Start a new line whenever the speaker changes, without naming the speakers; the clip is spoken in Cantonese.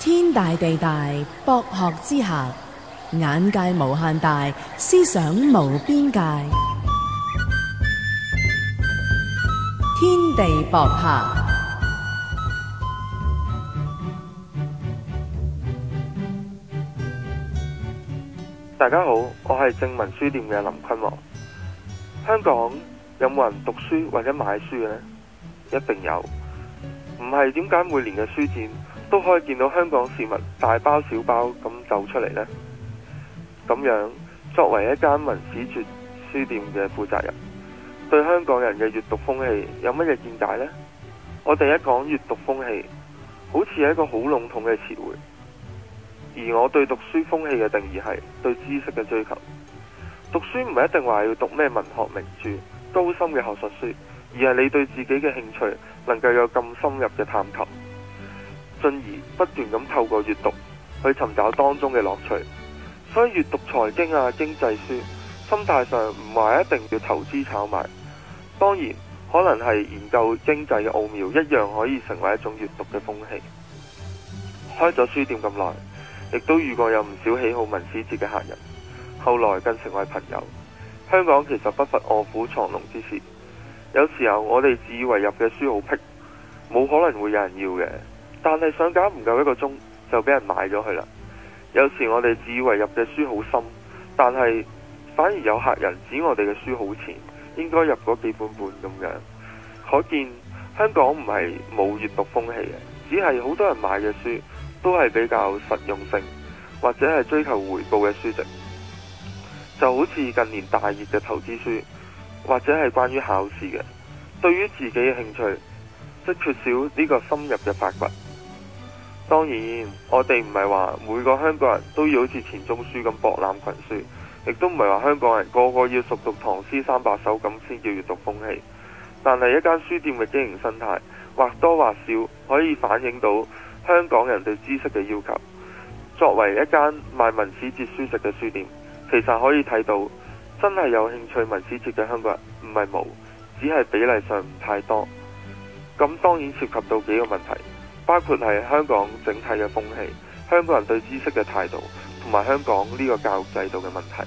天大地大，博學之下，眼界無限大，思想無邊界。天地博客，大家好，我係正文書店嘅林坤。香港有冇人讀書或者買書嘅呢？一定有。唔係點解每年嘅書展？都可以見到香港市民大包小包咁走出嚟咧，咁樣作為一間文史哲書店嘅負責人，對香港人嘅閱讀風氣有乜嘢見解咧？我哋一講閱讀風氣，好似係一個好籠統嘅詞彙，而我對讀書風氣嘅定義係對知識嘅追求。讀書唔係一定話要讀咩文學名著、高深嘅學術書，而係你對自己嘅興趣能夠有咁深入嘅探討。進而不斷咁透過閱讀去尋找當中嘅樂趣，所以閱讀財經啊、經濟書，心態上唔係一定要投資炒賣，當然可能係研究經濟嘅奧妙，一樣可以成為一種閱讀嘅風氣。開咗書店咁耐，亦都遇過有唔少喜好文史哲嘅客人，後來更成為朋友。香港其實不乏臥虎藏龍之事，有時候我哋自以為入嘅書好僻，冇可能會有人要嘅。但係上架唔夠一個鐘就俾人買咗佢啦。有時我哋自以為入嘅書好深，但係反而有客人指我哋嘅書好淺，應該入嗰幾本本咁樣。可見香港唔係冇閱讀風氣嘅，只係好多人買嘅書都係比較實用性或者係追求回報嘅書籍。就好似近年大熱嘅投資書，或者係關於考試嘅。對於自己嘅興趣，即缺少呢個深入嘅發掘。當然，我哋唔係話每個香港人都要好似錢鍾書咁博覽群書，亦都唔係話香港人個個要熟讀唐詩三百首咁先叫閱讀風氣。但係一間書店嘅經營生態，或多或少可以反映到香港人對知識嘅要求。作為一間賣文史哲書籍嘅書店，其實可以睇到真係有興趣文史哲嘅香港人唔係冇，只係比例上唔太多。咁當然涉及到幾個問題。包括係香港整體嘅風氣，香港人對知識嘅態度，同埋香港呢個教育制度嘅問題。